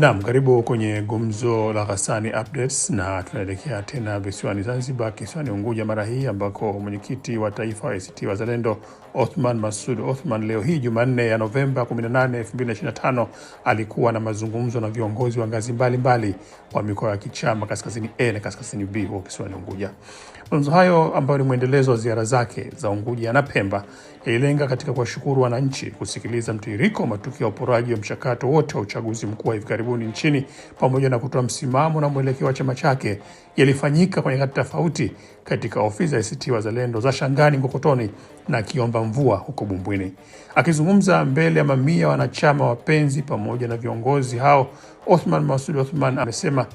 Naam, karibu kwenye gumzo la Ghassani Updates na tunaelekea tena visiwani Zanzibar, kisiwani Unguja mara hii ambako mwenyekiti wa taifa wa ACT Wazalendo Othman Masud Othman leo hii Jumanne ya Novemba 18, 2025 alikuwa na mazungumzo na viongozi wa ngazi mbalimbali wa mikoa ya kichama Kaskazini A na Kaskazini B huko kisiwani Unguja. Mafunzo hayo ambayo ni mwendelezo wa ziara zake za Unguja na Pemba yalilenga katika kuwashukuru wananchi, kusikiliza mtiririko wa matukio ya uporaji wa mchakato wote wa uchaguzi mkuu wa hivi karibuni nchini, pamoja na kutoa msimamo na mwelekeo wa chama chake, yalifanyika kwa nyakati tofauti katika ofisi za ACT Wazalendo za Shangani, ngokotoni na Kiomba Mvua huko Bumbwini. Akizungumza mbele ya mamia wanachama wapenzi pamoja na viongozi hao, Othman masud Othman amesema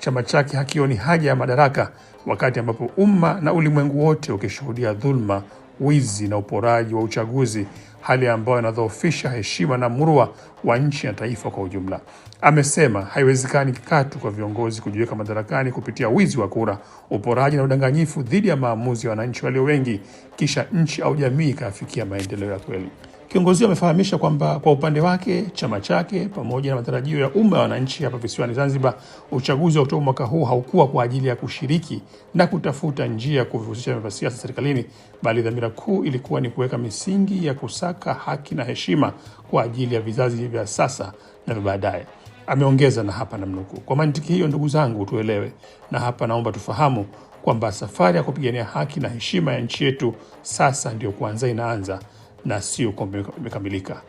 chama chake hakioni haja ya madaraka, wakati ambapo umma na ulimwengu wote ukishuhudia dhuluma, wizi na uporaji wa uchaguzi, hali ambayo inadhoofisha heshima na murua wa nchi na taifa kwa ujumla. Amesema haiwezekani katu kwa viongozi kujiweka madarakani kupitia wizi wa kura, uporaji na udanganyifu dhidi ya maamuzi ya wananchi walio wengi, kisha nchi au jamii ikafikia maendeleo ya kweli. Kiongozi amefahamisha kwamba kwa upande wake chama chake pamoja na matarajio ya umma ya wananchi hapa visiwani Zanzibar, uchaguzi wa Oktoba mwaka huu haukuwa kwa ajili ya kushiriki na kutafuta njia ya kuvihusisha vyama vya siasa serikalini, bali dhamira kuu ilikuwa ni kuweka misingi ya kusaka haki na heshima kwa ajili ya vizazi vya sasa na vya baadaye. Ameongeza na hapa namnukuu: kwa mantiki hiyo, ndugu zangu, tuelewe na hapa naomba tufahamu kwamba safari ya kupigania haki na heshima ya nchi yetu sasa ndiyo kwanza inaanza na sio kwamba imekamilika.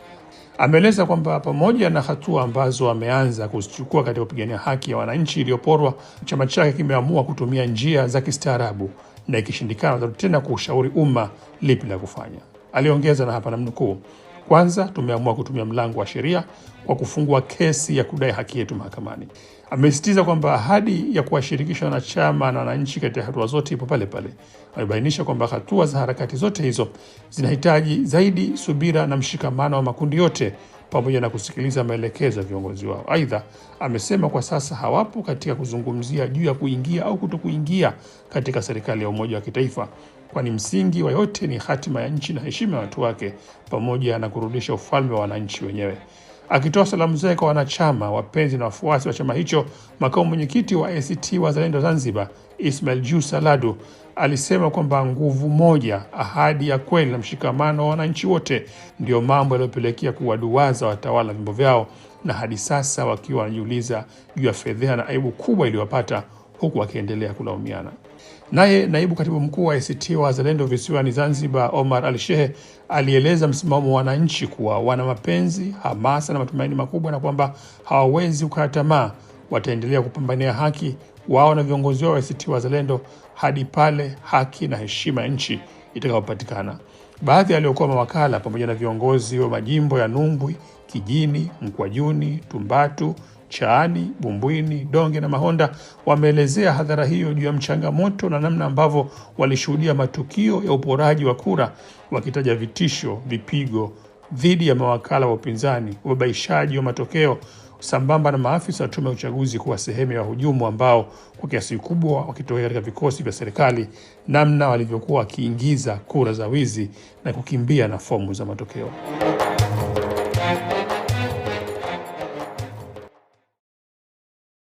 Ameeleza kwamba pamoja na hatua ambazo ameanza kuzichukua katika kupigania haki ya wananchi iliyoporwa, chama chake kimeamua kutumia njia za kistaarabu na ikishindikana tena kuushauri umma lipi la kufanya. Aliongeza na hapa namnukuu kwanza, tumeamua kutumia mlango wa sheria kwa kufungua kesi ya kudai haki yetu mahakamani. Amesisitiza kwamba ahadi ya kuwashirikisha wanachama na wananchi katika hatua zote ipo pale pale. Amebainisha kwamba hatua za harakati zote hizo zinahitaji zaidi subira na mshikamano wa makundi yote pamoja na kusikiliza maelekezo ya viongozi wao. Aidha, amesema kwa sasa hawapo katika kuzungumzia juu ya kuingia au kutokuingia katika serikali ya umoja wa kitaifa, kwani msingi wa yote ni hatima ya nchi na heshima ya watu wake pamoja na kurudisha ufalme wa wananchi wenyewe. Akitoa salamu zake kwa wanachama, wapenzi na wafuasi wa chama hicho, makamu mwenyekiti wa ACT Wazalendo Zanzibar Ismail ju Saladu alisema kwamba nguvu moja, ahadi ya kweli na mshikamano wa wananchi wote ndiyo mambo yaliyopelekea kuwaduwaza watawala vyombo vyao, na hadi sasa wakiwa wanajiuliza juu ya fedheha na aibu kubwa iliyopata huku wakiendelea kulaumiana. Naye naibu katibu mkuu wa ACT Wazalendo visiwani Zanzibar, Omar al Shehe, alieleza msimamo wa wananchi kuwa wana mapenzi, hamasa na matumaini makubwa, na kwamba hawawezi kukata tamaa, wataendelea kupambania haki wao na viongozi wao wa ACT Wazalendo hadi pale haki na heshima ya nchi itakayopatikana. Baadhi ya mawakala pamoja na viongozi wa majimbo ya Nungwi, Kijini, Mkwajuni, Tumbatu, Chaani, Bumbwini, Donge na Mahonda wameelezea hadhara hiyo juu ya mchangamoto na namna ambavyo walishuhudia matukio ya uporaji wa kura, wakitaja vitisho, vipigo dhidi ya mawakala wa upinzani, ubabaishaji wa matokeo sambamba na maafisa wa tume ya uchaguzi kuwa sehemu ya wahujumu ambao kwa kiasi kikubwa wakitokea katika vikosi vya serikali, namna walivyokuwa wakiingiza kura za wizi na kukimbia na fomu za matokeo.